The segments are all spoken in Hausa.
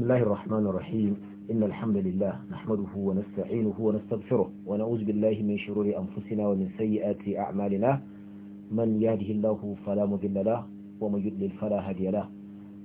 بسم الله الرحمن الرحيم إن الحمد لله نحمده ونستعينه ونستغفره ونعوذ بالله من شرور أنفسنا ومن سيئات أعمالنا من يهده الله فلا مضل له ومن يضلل فلا هادي له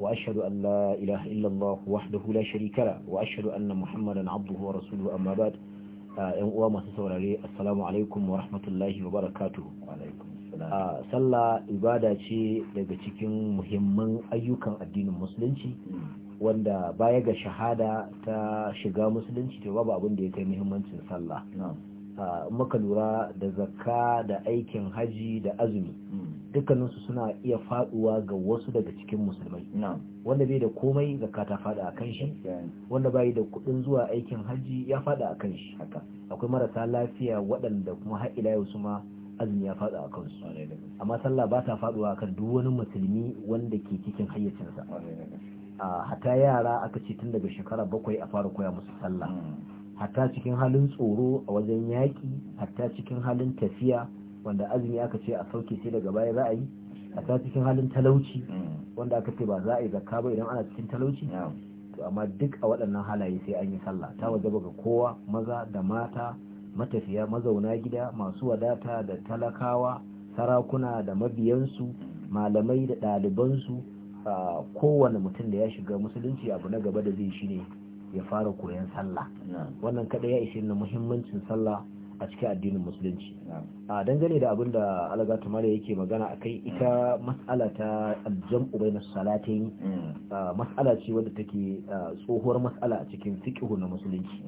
وأشهد أن لا إله إلا الله وحده لا شريك له وأشهد أن محمدا عبده ورسوله أما بعد ‘yan uwa masu saurare assalamu alaikum wa rahmatullahi wa barakatu sallah ibada ce daga cikin muhimman ayyukan addinin musulunci wanda baya ga shahada ta shiga musulunci to babu abin da ya kai muhimmancin sallah ah, muka lura da zakka da aikin haji da azumi hmm. dukkaninsu suna iya faduwa ga wasu daga cikin musulmai wanda bai da komai zakka ta fada a kan shi wanda bai da kudin zuwa aikin haji ya fada a kan shi akwai marasa lafiya waɗanda kuma har ila yau su ma azumi ya fada a kan su amma sallah ba ta faduwa kan duk wani musulmi wanda ke cikin hayyacinsa hata yara aka ce tun daga shekara bakwai a fara koya musu sallah mm. hata cikin halin tsoro a wajen yaƙi hatta cikin halin tafiya wanda azumi aka ce a sauke sai daga baya za a yi hatta cikin halin talauci mm. wanda aka ce ba za a yi zakka ba idan ana cikin talauci to amma duk a waɗannan halaye sai an yi sallah ta waje ga kowa maza da mata matafiya mazauna gida masu wadata da talakawa sarakuna da mabiyansu mm. malamai da ɗalibansu kowane mutum da ya shiga musulunci abu na gaba da zai shine ya fara koyon sallah wannan kada ya ishe na muhimmancin sallah a cikin addinin musulunci a dangane da abin da alaga mala yake magana a kai ita mas'ala ta aljam'u bainas Salatin, mm. mas'ala ce wadda take tsohuwar matsala a cikin fikihu na musulunci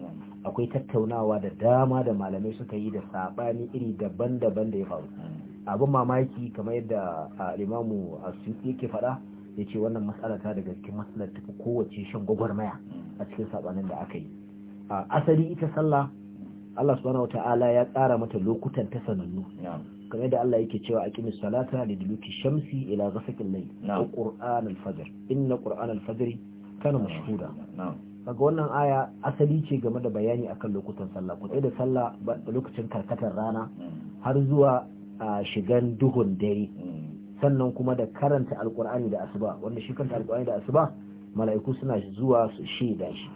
akwai tattaunawa da dama da malamai suka yi da sabani iri daban-daban da ya faru mm. abin mamaki kamar yadda alimamu a yake faɗa ya ce wannan matsala ta daga cikin matsalar ta kowace shan gwagwarmaya a cikin sabanin da aka yi a asali ita sallah Allah subhanahu wata'ala ya tsara mata lokutan ta sanannu kamar da Allah yake cewa aqimi salata duluki shamsi ila ghasaqil layl na qur'an al inna qur'an al-fajr kana mashhuda kaga wannan aya asali ce game da bayani akan lokutan sallah ko da sallah lokacin karkatar rana mm. har zuwa shigan duhun dare mm. sannan kuma da karanta alkur'ani da asuba wanda shi kanta alkur'ani da asuba mala'iku suna zuwa su shaida shi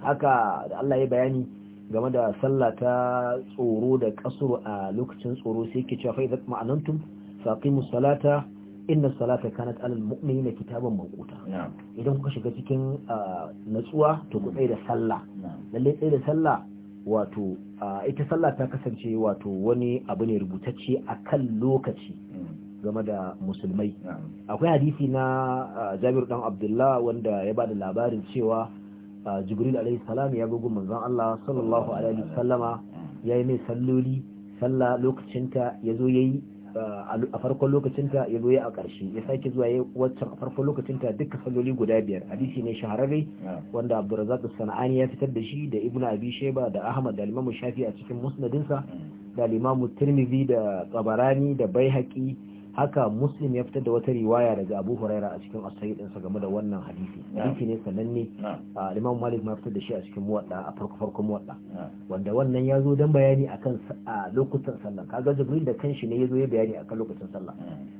haka da Allah ya bayani game da sallah ta tsoro da kasuru a lokacin tsoro sai ke cewa idza ma'anantum faqimus salata inna salata kanat alal mu'minina kitaban mawquta idan kuka shiga cikin natsuwa to ku da sallah lalle tsaye da sallah wato ita sallah ta kasance wato wani abu ne rubutacce akan lokaci mm. game da musulmai akwai hadisi na jabir dan abdullah wanda ya bada labarin cewa jibril alaihi salam ya gugu manzon Allah sallallahu alaihi wasallama ya mai salloli sallah lokacinta ya zo yayi a farkon lokacinta ya zo ya a ƙarshe ya sake zuwa yayi waccan a farkon lokacinta duka salloli guda biyar hadisi ne shahararre wanda abdurrazak sana'ani ya fitar da shi da ibnu abi shayba da ahmad da limamu shafi a cikin musnadinsa da limamu tirmidhi da tsabarani da baihaqi haka muslim ya fitar da wata riwaya daga abu huraira a cikin asayi ɗinsa game da wannan hadisi hadisi ne sananne a ah, imam malik ma fitar da shi a cikin muwadda a farko farko muwadda wanda wannan ya zo don bayani akan lokutan sallah kaga jibril da kanshi ne ya zo ya bayani akan lokutan sallah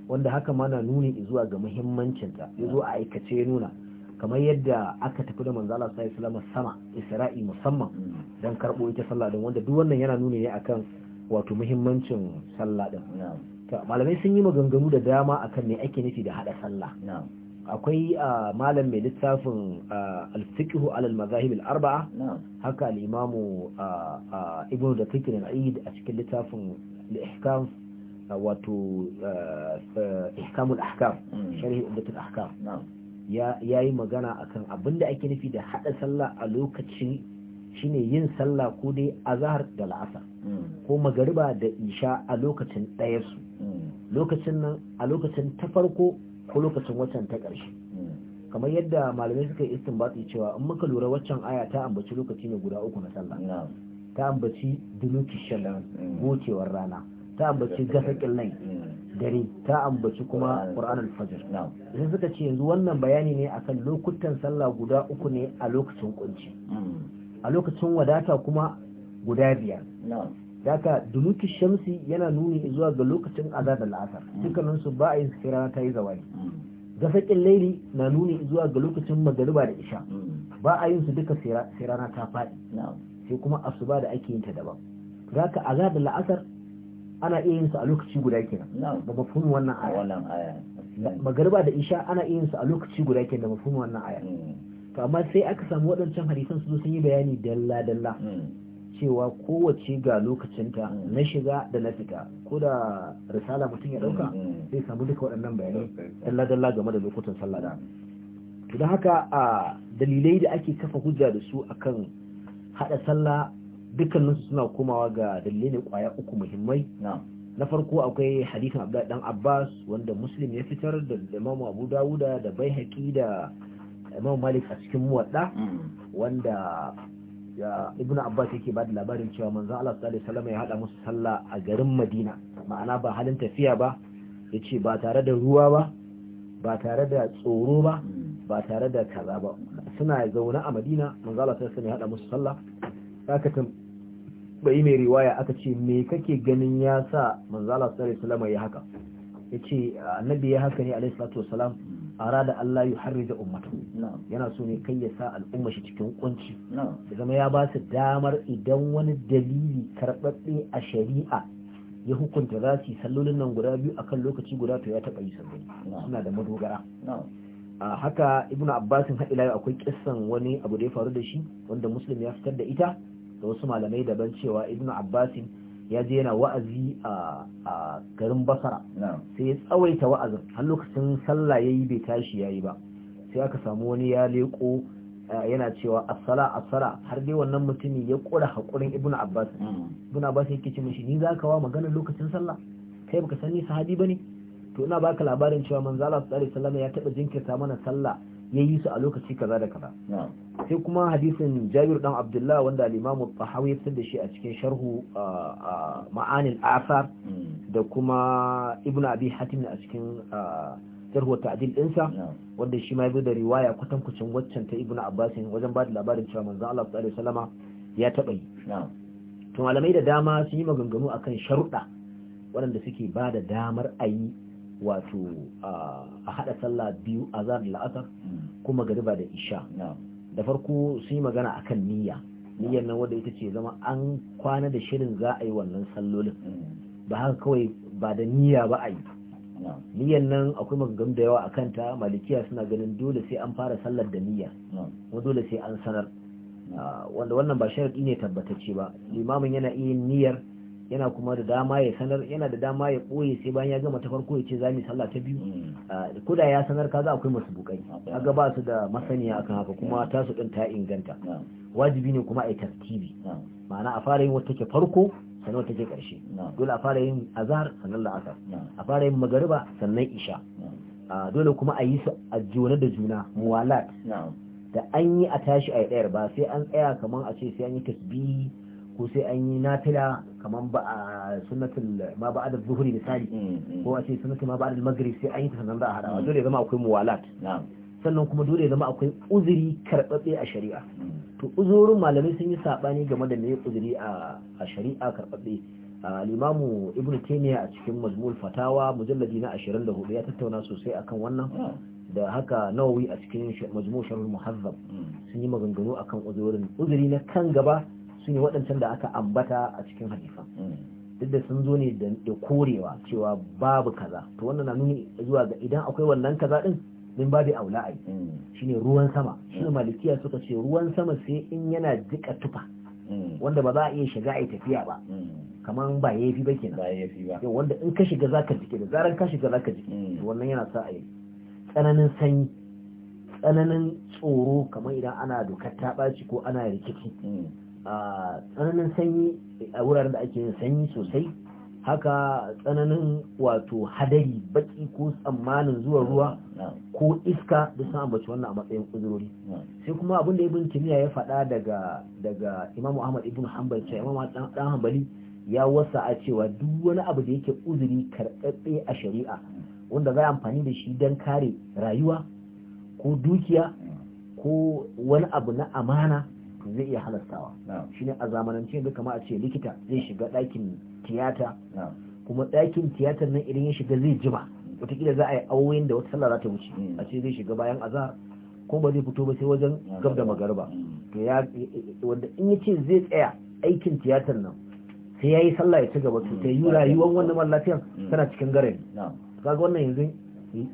wanda haka ma na nuni zuwa ga muhimmancin ta ya zo a aikace ya nuna kamar yadda aka tafi da manzala sallallahu salama sama isra'i musamman mm. don karbo ita sallah din wanda duk wannan yana nuni ne akan wato muhimmancin sallah din malamai sun yi maganganu da dama akan me ake nufi da hada sallah akwai malam mai littafin al-fiqhu al-mazahib al-arba'a haka al-imamu ibnu da aid a cikin littafin al-ihkam wato ihkamul ahkam mm. sharhi umdatul ahkam ya magana akan abinda ake nufi da hada sallah a lokacin shine yin sallah ko dai azhar da la'asar hmm. ko magariba da isha a lokacin ɗaya su hmm. lokacin nan a lokacin ta farko ko lokacin watan ta ƙarshe hmm. kamar yadda malamai suka yi istinbati cewa in muka lura waccan aya ta ambaci lokaci ne guda uku na sallah ta ambaci dunuki shalar gocewar rana ta ambaci gasakin lai dare ta ambaci kuma al alfajir sai suka ce yanzu wannan bayani ne akan lokutan sallah guda uku ne a lokacin kunci a lokacin wadata kuma guda biyar daga dunuki shamsi yana nuni zuwa ga lokacin azar da la'asar su ba a yin sai rana ta yi zawali gasakin laili na nuni zuwa ga lokacin magariba da isha ba a yin su duka sai rana ta faɗi sai kuma asuba da ake yin ta daban zaka azar da la'asar ana iya yin su a lokaci guda kenan da mafhumin wannan aya magariba da isha ana iya yin su a lokaci guda kenan da mafhumin wannan aya hmm. to amma sai aka samu waɗancan hadisan su sun yi bayani dalla dalla hmm. cewa kowace ga lokacinta hmm. na shiga da na fita ko da risala mutum ya ɗauka hmm. zai samu duka waɗannan bayanai dalla dalla game da lokutan sallah da to da haka a dalilai da ake kafa hujja da su akan haɗa sallah dukkaninsu suna komawa ga dalilai ne kwaya uku muhimmai na farko akwai hadisin abdullahi dan abbas wanda muslim ya fitar da imamu abu dawuda da baihaqi da imam malik a cikin muwadda hmm. wanda ya ibnu abbas yake ba da labarin cewa manzo Allah sallallahu alaihi wasallam ya hada musu sallah a garin madina ma'ana ba halin tafiya ba yace ba tare da ruwa ba ba tare da tsoro ba hmm. ba tare da kaza ba suna zaune a madina manzo Allah sallallahu alaihi wasallam ya hada musu sallah haka bai mai riwaya aka ce me kake ganin ya sa manzo Allah sallallahu alaihi wasallam ya haka yace annabi ya haka ne alaihi salatu wasallam hmm. arada Allah ya harrija ummatu yana so ne kai ya sa al'umma shi cikin kunci ya zama ya ba su damar idan wani dalili karɓaɓɓe a shari'a ya hukunta za su yi sallolin nan guda biyu akan lokaci guda to ya taɓa yi sallolin suna da madogara a haka ibnu abbasin haɗila akwai kissan wani abu da ya faru da shi wanda muslim ya fitar da ita da wasu malamai daban cewa ibnu abbasin ya je yana wa'azi a garin basara sai ya tsawaita wa'azin har lokacin sallah yayi bai tashi ya yi ba sai aka samu wani ya leko yana cewa asala asala har dai wannan mutumin ya kura haƙurin ibnu abbas mm. ibnu abbas yake ce mishi ni za ka wa magana lokacin sallah kai baka sani sahabi bane to ina baka labarin cewa manzo Allah sallallahu alaihi ya taba jinkirta mana sallah yayi su a lokaci kaza da kaza sai kuma hadisin jabir dan abdullah wanda al-imamu tahawi ya da shi a cikin sharhu ma'anil asar hmm. da kuma ibn abi hatim a cikin sharhu ta'dil dinsa wanda shi ma ya da riwaya kwatankwacin waccan ta ibn abbas wajen ba da labarin cewa manzo Allah sallallahu alaihi ya taba yi to malamai da dama sun yi maganganu akan sharuɗa waɗanda suke ba da damar a yi wato a haɗa sallah biyu a zan la'asar hmm. kuma gariba da isha da farko sun yi magana akan niyya niyyar nan wadda ita ce zama an kwana da shirin za a yi wannan sallolin ba haka kawai ba da niyya ba a yi niyyar nan akwai maganganu da yawa a kanta malikiya suna ganin dole sai an fara sallar da niyya kuma dole sai an sanar ah, wanda wannan ba sharadi ne tabbatacce ba limamin yana iya niyyar yana kuma da dama ya sanar yana da dama ya ɓoye sai bayan ya gama ta farko ya ce za mu sallah ta biyu mm. ko ya sanar kaza akwai masu bukai kaga ba su da masaniya akan haka kuma ta su din ta inganta wajibi ne kuma a yi tartibi ma'ana a fara yin wata take farko sannan wata take karshe dole a fara yin azhar sannan la'asar a fara yin magariba sannan isha dole kuma a yi su a juna da juna muwalat da an yi a tashi a yi ɗayar ba sai an tsaya kamar a ce sai an yi tasbihi ko sai an yi nafila kamar ba a sunnatul ma ba da zuhuri misali mm, mm. ko a ce sunnatul ma ba da sai an yi sannan a hadawa dole zama akwai muwalat sannan kuma dole zama akwai uzuri karɓaɓɓe a shari'a mm. to uzurin malamai sun yi saɓani game da me uzuri a shari'a karɓaɓɓe limamu ibn taymiya a cikin mazmul fatawa mujalladi na 24 ya tattauna sosai akan wannan da haka nawawi a cikin mazmul sharh muhazzab sun yi maganganu akan uzurin uzuri na kan gaba su ne waɗancan da aka ambata a cikin hadisan mm. duk da sun zo ne da korewa cewa babu kaza to wannan na nuni zuwa ga idan akwai wannan kaza din min babu aula ai mm. shine ruwan sama mm. shine malikiya suka ce ruwan sama sai in yana jika tufa wanda ba za a iya shiga ai tafiya ba kamar ba yafi ba kenan ba yafi ba wanda in ka shiga zaka jike da zaran ka shiga zaka jike To wannan yana sa a yi tsananin sanyi tsananin tsoro kamar idan ana dokar ta ɓaci ko ana rikici a tsananin sanyi a wuraren da ake yin sanyi sosai haka tsananin wato hadari baki ko tsammanin zuwa ruwa ko iska da sun ambaci wannan a matsayin uzurori sai kuma abin da ibn kimiyya ya faɗa daga daga imam muhammad ibn hanbal cewa imam dan hanbali ya wasa a cewa duk wani abu da yake uzuri karɓaɓɓe a shari'a wanda za a amfani da shi don kare rayuwa ko dukiya ko wani abu na amana zai iya halastawa shi ne a zamanance da kama a ce likita zai shiga ɗakin tiyata kuma ɗakin tiyatar nan idan ya shiga zai jima watakila za a yi auyen da wata sallah za ta wuce hmm. a ce zai shiga bayan azahar ko ba zai fito ba sai wajen gab da magarba hmm. to ya eh, eh, eh, wanda in yace zai tsaya aikin tiyatar nan sai yayi sallah ya ci gaba to sai yi hmm. rayuwar wannan mallafiyan tana cikin gare kaga wannan yanzu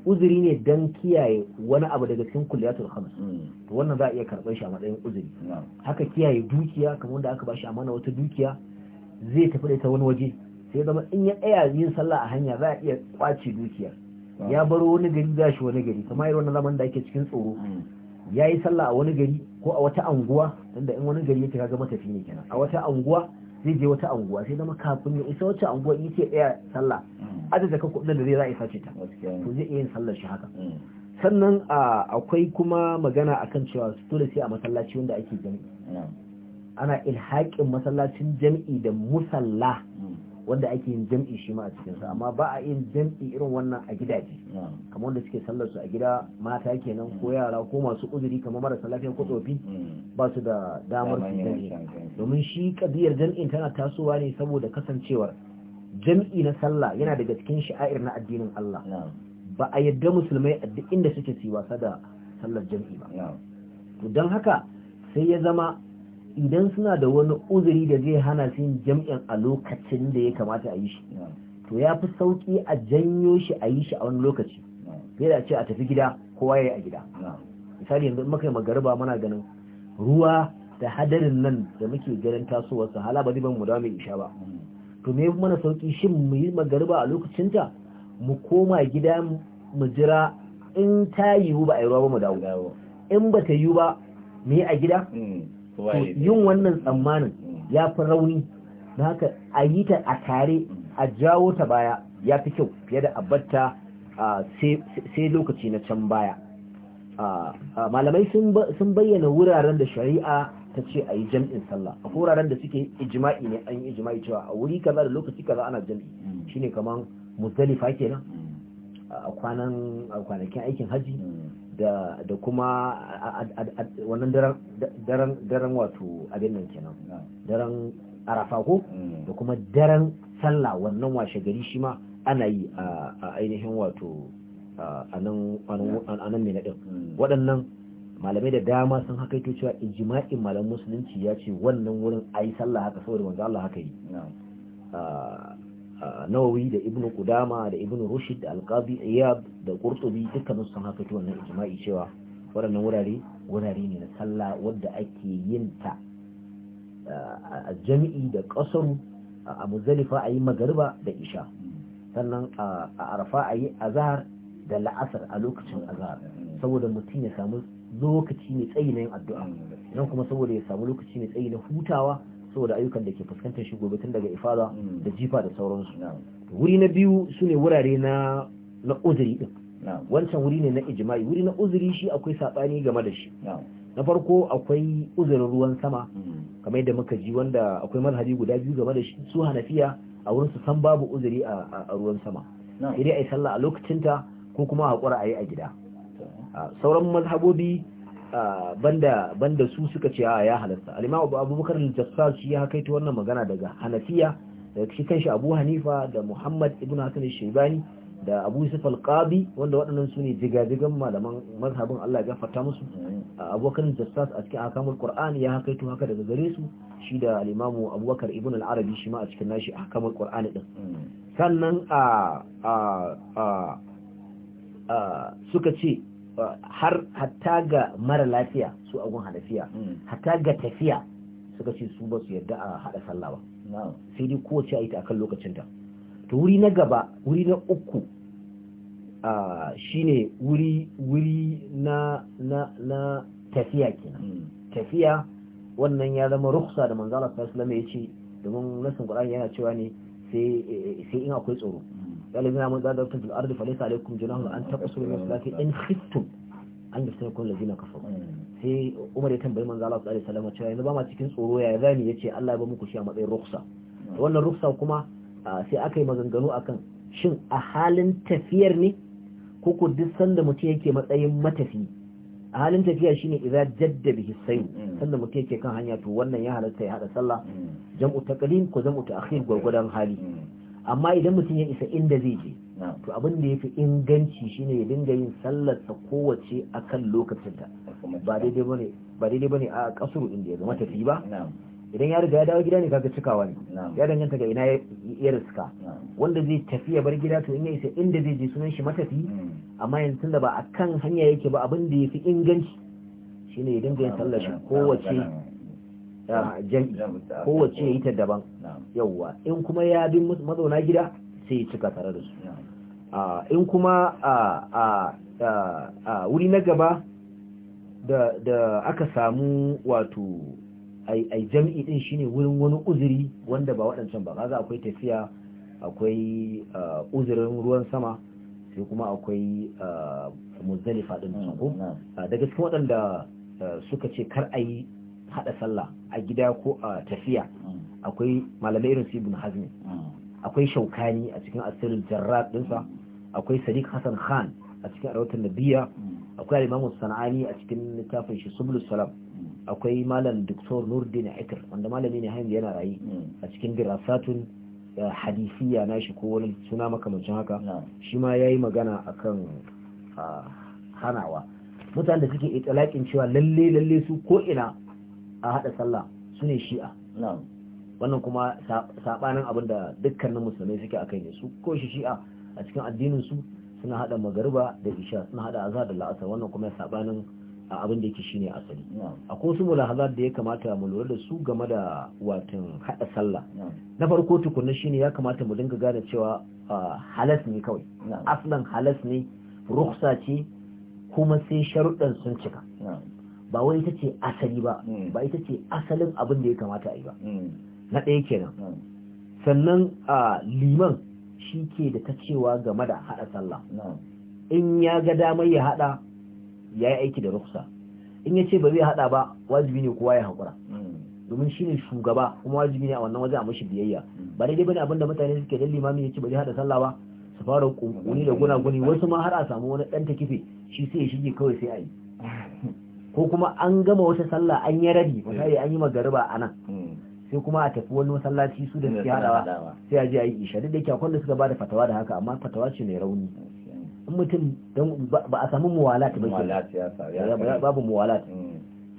uzuri ne don kiyaye wani abu daga cikin kulliyatul khams mm. to wannan za a iya karɓar shi a matsayin uzuri haka kiyaye dukiya kamar da aka bashi amana wata dukiya zai tafi da ta wani waje sai zama in ya tsaya yin sallah a hanya za a iya kwace dukiya ya baro wani gari za shi wani gari kamar irin wannan zaman da ake cikin tsoro mm. ya yi sallah a wani gari ko a wata anguwa inda in wani gari yake ga matafi ne kenan a wata anguwa zai je wata anguwa sai zama kafin ya isa wata anguwa in ce tsaya sallah adadin kudin da zai za a yi sace ta to zai iya yin sallar shi haka mm. sannan akwai kuma magana akan cewa dole sai a masallaci wanda ake jami'i ana ilhaƙin masallacin jami'i da musalla mm. wanda ake yin jam'i shi ma a cikin sa amma ba a yin jam'i irin wannan a gidaje kamar wanda suke sallar su a gida mata kenan ko mm. yara ko masu uzuri kamar marasa lafiya ko tsofi ba su da damar su jami'i domin shi kadiyar jami'in tana tasowa ne saboda kasancewar jam'i na sallah yana daga cikin sha'air na addinin Allah ba a yadda musulmai a duk inda suke ci wasa da sallar jam'i ba to don haka sai ya zama idan suna da wani uzuri da zai hana su yin jam'in a lokacin da ya kamata a yi shi to ya fi sauki a janyo shi a yi shi a wani lokaci sai da ce a tafi gida kowa ya a gida misali yanzu muka yi magariba muna ganin ruwa da hadarin nan da muke ganin tasowarsa hala ba zai ban mu dawo mai isha ba mm. to me mana sauki shin mu yi magariba a lokacinta mu koma gida mu jira in ta yiwu ba a yi ruwa ba mu dawo in ba ta yiwu ba mu yi a gida mm, yin wannan tsammanin mm. ya fi rauni da haka a yi ta a tare mm. a jawo ta baya ya fi kyau fiye da abarta sai lokaci na can baya malamai sun bayyana wuraren da shari'a ta ce a yi jam'in sallah a wuraren da suke ijma'i ne an yi ijma'i cewa a wuri kaza da lokaci kaza ana jam'i mm. shine kaman muzdalifa kenan mm. a kwanan a kwanakin aikin haji mm. da da kuma wannan daren daren wato abin nan kenan daren arafa ko da kuma daren sallah wannan washe gari shi ma ana yi a ainihin wato a nan mai naɗin waɗannan malamai da dama sun haka cewa ijma'in malam musulunci ya ce wannan wurin a yi sallah haka saboda manzo Allah haka yi nawawi da ibnu kudama da ibnu rushd da alqabi iyab da qurtubi dukkanin sun haka wannan ijma'i cewa waɗannan wurare wurare ne na sallah wadda ake yin ta a jami'i da ƙasar a muzalifa a yi magariba da isha sannan a arafa a yi azhar da la'asar a lokacin azahar mm. saboda mutum ya samu lokaci mai tsayi na yin addu'a nan kuma saboda ya samu lokaci mai tsayi na hutawa saboda ayyukan da ke fuskantar shi gobe tun daga ifada da jifa da sauransu wuri na biyu su ne wurare na na uzuri din wancan wuri ne na ijma'i wuri na uzuri shi akwai saɓani game da shi na farko akwai uzurin ruwan sama hmm. kamar yadda muka ji wanda akwai manhaji guda biyu game da shi su hanafiya a wurin su san babu uzuri a ruwan sama iri ayi a yi sallah a lokacinta ko kuma haƙura a yi a gida sauran mazhabobi banda banda su suka ce ya halatta al-imam abubakar al shi ya kaito wannan magana daga hanafiya da shi kanshi abu hanifa da muhammad ibn hasan shaibani da abu yusuf al wanda waɗannan su ne jigajigan malaman mazhabin Allah ya gafarta musu abubakar jassas a cikin akamul qur'ani ya kaito haka daga gare su shi da al abubakar ibn al-arabi shi ma a cikin nashi akamul qur'ani din sannan a a a suka ce har hatta ga mara lafiya su agun hanafiya hmm. hatta ga tafiya suka ce su ba su yarda a hada sallah ba sai dai kowace a yi ta lokacin ta to wuri na gaba wuri na uku shine wuri wuri na na na tafiya kenan hmm. tafiya wannan ya zama rukhsa da manzo Allah sallallahu alaihi wasallam yace domin nasin Qur'ani yana cewa ne sai eh, eh, sai in akwai tsoro alladhina amanu idza dartum fil ardi falaysa alaykum junahun an taqsuru min salati in khiftum an yaftakum zina kafaru sai Umar ya tambayi manzo Allah sallallahu alaihi wasallam cewa yanzu ba ma cikin tsoro ya zani yace Allah ya ba muku shi a matsayin ruksa wannan ruksa kuma sai aka yi maganganu akan shin a halin tafiyar ne ko ko duk sanda mutum yake matsayin matafi a halin tafiya shine idza jadda bihi sayu sanda mutum yake kan hanya to wannan ya halatta ya hada sallah jam'u taqdim ko jam'u ta'khir gurgudan hali amma idan mutum ya isa inda zai je to abin da ya fi inganci shine ya dinga yin sallarsa kowace akan lokacinta ba daidai bane a kasuru inda ya zama tafi ba idan ya riga ya dawo gida ne kaga cikawa ne ya danganta ga ina ya riska wanda zai tafi ya bar gida to in ya isa inda zai je sunan shi matafi hmm. amma yanzu tunda ba akan hanya yake ba abin da ya fi inganci shine ya dinga yin sallar shi kowace jam'i kowace ya daban yawwa in kuma ya bi mazauna gida sai ya cika tare da su in kuma a wuri na gaba da aka samu wato a jam'i din shine wurin wani uzuri wanda ba waɗancan ba za akwai tafiya akwai uzurin ruwan sama sai kuma akwai muzdalifa din su daga cikin waɗanda suka ce kar a yi haɗa sallah a gida ko a tafiya mm. akwai malamai irin su ibn hazmi mm. akwai shaukani a cikin asirin jarrad dinsa akwai sadiq hasan khan a cikin arautar nabiya mm. akwai alimamu sana'ani a cikin littafin shi subul salam akwai malam doktor nurdin aikar wanda malami ne hanyar yana rayu a cikin dirasatun eh, hadisiya na shi ko wani suna makamancin haka shi ma ya yi magana akan ah, hanawa mutane da suke itilakin cewa lalle lalle su ko ina a hada sallah su ne shi'a wannan kuma sabanin abin da dukkanin musulmai suke a kai ne su ko shi shi'a a cikin addinin su suna hada magariba da isha suna hada azhar da la'asar wannan kuma sabanin abin da yake ne asali akwai wasu mulahazar da ya kamata mu lura da su game da watan hada sallah na farko tukunna ne ya kamata mu dinga gane cewa halas ne kawai aslan halas ne ruksa ce kuma sai sharuɗan sun cika ba wai ita ce asali ba hmm. ba ita ce asalin abin da ya kamata a yi ba hmm. na ɗaya kenan hmm. sannan a liman shi ke da ta cewa game da haɗa sallah in ya ga damar ya haɗa ya yi aiki da ruksa in ya ce ba zai haɗa ba wajibi ne kowa ya haƙura domin shi ne shugaba kuma wajibi ne a wannan waje a mashi biyayya ba daidai bane abinda mutane suke da limami ya ce ba zai haɗa sallah ba su fara kunkuni da gunaguni wasu ma har a samu wani ɗan ta kife shi sai ya shige kawai sai a yi ko kuma an gama wata sallah an yi rabi hmm. misali an yi magariba a nan hmm. sai kuma a tafi wani masallaci su da suke hadawa sai a je a yi isha duk da yake akwai da suka bada fatawa da haka amma fatawa ce mai rauni hmm. in mutum don ba a samu muwalat ba babu muwalat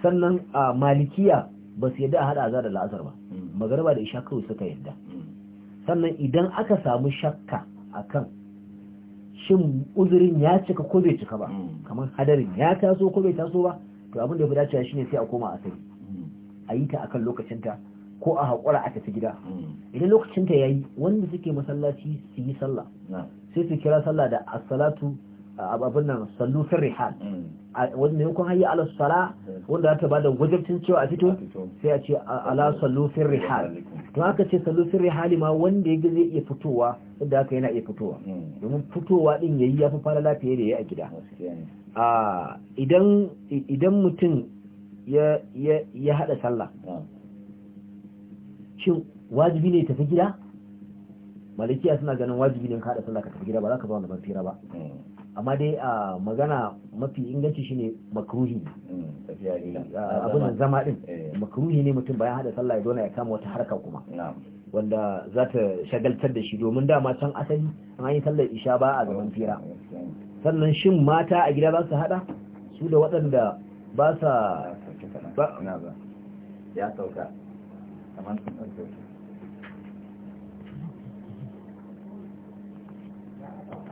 sannan a malikiya ba su yadda a hada azar da la'asar ba magariba da isha kawai suka yadda sannan idan aka samu shakka akan shin uzurin ya cika ko bai cika ba kamar hadarin ya taso ko bai taso ba to abin da ya dace dacewa shine sai a koma a yi ta akan lokacinta ko a haƙura a tafi gida idan lokacinta ya yi wanda suke masallaci su yi sallah sai su kira sallah da as-salatu abin nan sallu fi rihal mm. wanda yankun hayya ala sala wanda za ta bada wajabcin cewa a fito sai a ce ala sallufin rihal to aka ce sallufin rihali ma wanda ya zai iya fitowa yadda aka yana iya fitowa hmm. domin fitowa din yayi ya fi fara lafiya da ya a gida idan idan mutum ya ya hada sallah shin wajibi ne tafi gida malikiya suna ganin wajibi ne ka hada sallah ka tafi gida ba za ka zauna ban fira ba amma dai a magana mafi inganci shine makruhi mm, abin zama din eh. makruhi ne mutum bayan hada sallah ya dona ya kama wata harka kuma wanda za ta shagaltar da shi domin dama can asali an yi sallar isha ba a gaban fira eh, eh, sannan shin mata a gida ba su hada su da waɗanda ba sa ya sauka